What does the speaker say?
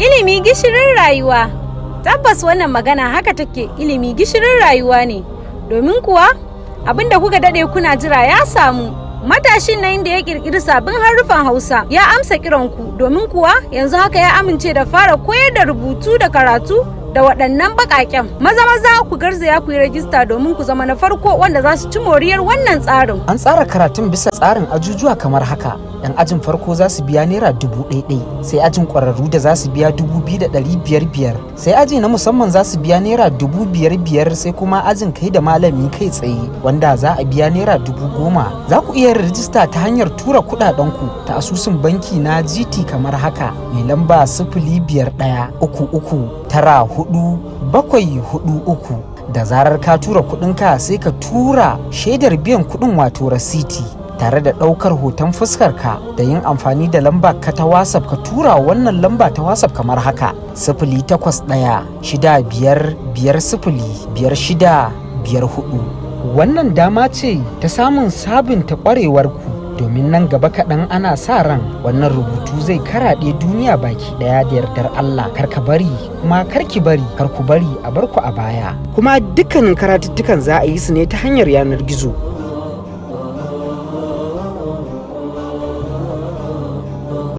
Ilimi gishirin rayuwa. Tabbas wannan magana haka take ilimi gishirin rayuwa ne. Domin kuwa abin da kuka dade kuna jira ya samu. Matashin na inda ya kirkiri sabbin harufan Hausa ya amsa kiranku domin kuwa yanzu haka ya amince da fara koyar da rubutu da karatu da waɗannan baƙaƙen maza maza ku garzaya ku yi rajista domin ku zama na farko wanda za su ci moriyar wannan tsarin an tsara karatun bisa tsarin ajujuwa kamar haka yan ajin farko za su biya naira dubu ɗaiɗai sai ajin ƙwararru da za su biya dubu biyu da ɗari biyar biyar sai aji na musamman za su biya naira dubu biyar biyar sai kuma ajin kai da malami kai tsaye wanda za a biya naira dubu goma za ku iya rajista ta hanyar tura kuɗaɗen ku ta asusun banki na gt kamar haka mai lamba sifili biyar ɗaya uku uku tara hudu bakwai hudu uku da zarar ka tura kudinka sai ka tura shaidar biyan kudin wato rasiti tare da ɗaukar hoton fuskarka da yin amfani da lamba ka ta wasap ka tura wannan lamba ta wasap kamar haka sifili takwas ɗaya shida biyar biyar sifili biyar shida biyar hudu wannan dama ce ta samun sabunta ku domin nan gaba kaɗan ana sa ran wannan rubutu zai karaɗe duniya baki ɗaya da yardar Allah kar ka bari kuma kar ki bari kar ku bari a barku a baya kuma dukkanin karatuttukan za a yi su ne ta hanyar yanar gizo